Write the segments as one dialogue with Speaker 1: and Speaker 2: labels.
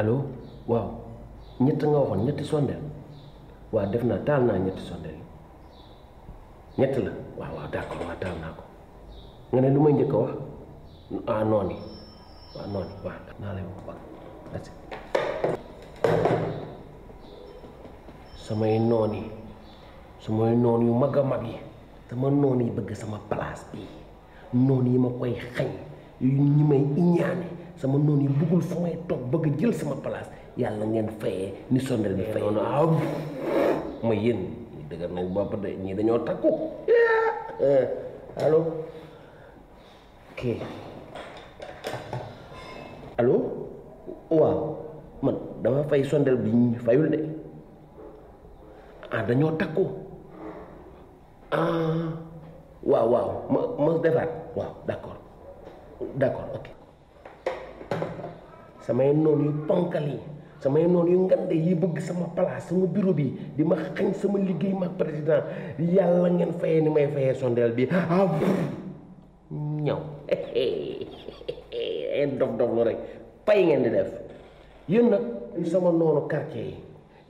Speaker 1: allo waaw ñett nga waxoon ñetti sondeel waaw def naa taal naa ñetti sondeel yi ñett la waaw waaw d'accord waaw taal naa ko nga ne lu may njëkk a wax ah noonu waaw noonu waaw naa lay wax waaw samay noon samay noon yu mag a mag yi sama noon yi bëgg sama palaas bi noon yi ma koy xañ yu ñi may iñaane sama noni yi buggul fu may bëgg jël sama place yàlla ngeen fayee ni sondel bi fayee naaw ma yéen ñu dëgër nañ bopp de ñii dañoo takku allo ok allo waaw man dama fay sondel bi ñu fayul de ah dañoo takku ah waaw waaw ma ma defaat waaw d'accord d'accord ok samay noonu yu ponkal yi samay noonu yu ngande yi bëgg sama place sama bureau bi di ma xañ sama liggéey ma président yàlla ngeen fayee ni may fayee sondeel bi ah ñaw ngeen dof dof lu rek pay ngeen di def yéen nag sama noonu quartier yi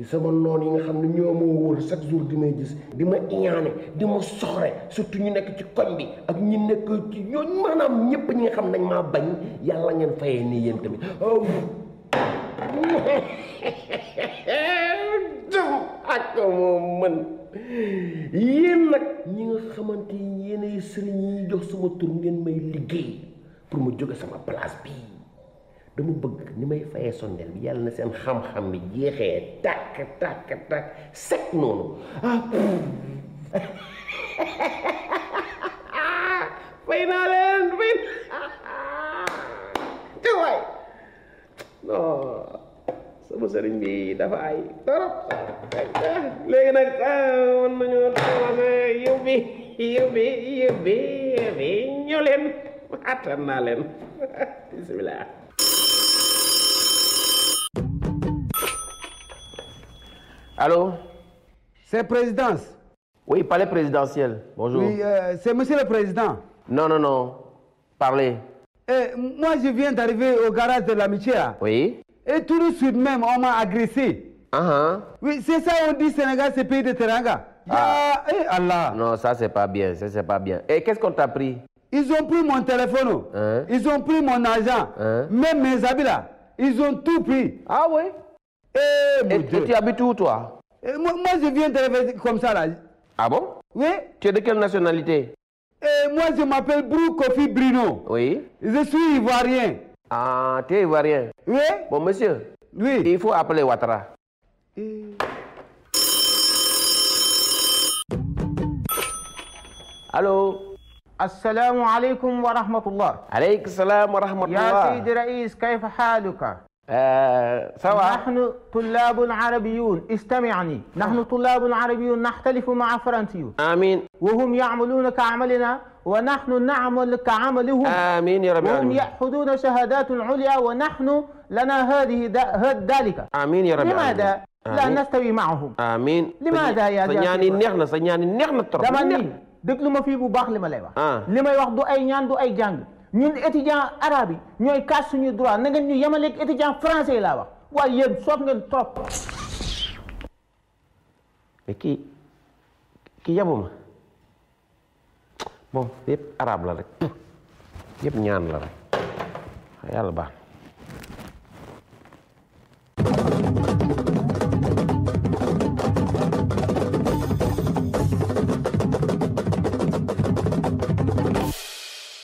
Speaker 1: sama noon yi nga xam ne ñoo ma wóor chaque jour di gis di ma iñaane di ma soxre surtout ñu nekk ci koñ bi ak ñu nekk ci ñooñ maanaam ñëpp ñu nga xam nañ maa bañ yàlla ngeen fayee nii yéen tamit ak moom mën yéen nag ñi nga xamante yéen ay sëriñ yi jox sama tur ngeen may liggéey pour ma jóge sama place bii dama bëgg ni may fayee sondeel bi yàlla na seen xam-xam bi jeexee tàkk tàkk tàkk set noonu ah fay naa leen
Speaker 2: fay te waay
Speaker 1: non sama sëriñ bi dafa ay
Speaker 2: torop léegi nag ah, mën nañoo commencé yóbbi yóbbi yóbbi yóbbi ñëw leen
Speaker 1: attan naa leen bisimilah
Speaker 3: Allô C'est présidence. Oui, palais présidentiel. Bonjour. Oui, euh, c'est monsieur le président. Non, non, non. Parlez. Eh, moi, je viens d'arriver au garage de l'amitié. Oui. Et tout de suite même, on m'a agressé. Ah hein. Oui, c'est ça, on dit Sénégal, c'est pays de Teranga. Ah, eh, Allah. Non, ça, c'est pas bien. Ça, c'est pas bien. Et qu'est-ce qu'on t'a pris Ils ont pris mon téléphone. Hein? Ils ont pris mon argent. Hein? Même mes habits là. Ils ont tout pris. Ah oui eh, et, tu habites où, toi eh, moi, moi, je viens de comme ça, là. Ah bon Oui. Tu es de quelle nationalité eh, Moi, je m'appelle Brou Kofi Bruno. Oui. Je suis ivoirien. Ah, tu es ivoirien Oui. Bon, monsieur. Oui. Il faut appeler Ouattara.
Speaker 2: Allô Assalamu alaikum wa rahmatullah. عليك السلام wa rahmatullah. يا سيدي رئيس آه، سواء نحن طلاب عربيون استمعني نحن طلاب عربيون نختلف مع فرنسيون آمين وهم يعملون كعملنا ونحن نعمل كعملهم آمين يا رب العالمين وهم يأخذون شهادات عليا ونحن لنا هذه ذلك
Speaker 1: آمين يا رب لماذا لا نستوي معهم آمين لماذا يا جماعة يعني نحن يعني نحن ترى دمان
Speaker 2: ديك لما في بباخ آه. لما لا wax لما wax du ay ñaan du ay ñun étudiant arabe yi ñooy kaas suñu droit na ñu yemaleeg étudiant français yi laa wax waaye yéen ngeen trop
Speaker 1: mais kii kii yabuma bon yëpp arabe la rek ñaan la rek yàlla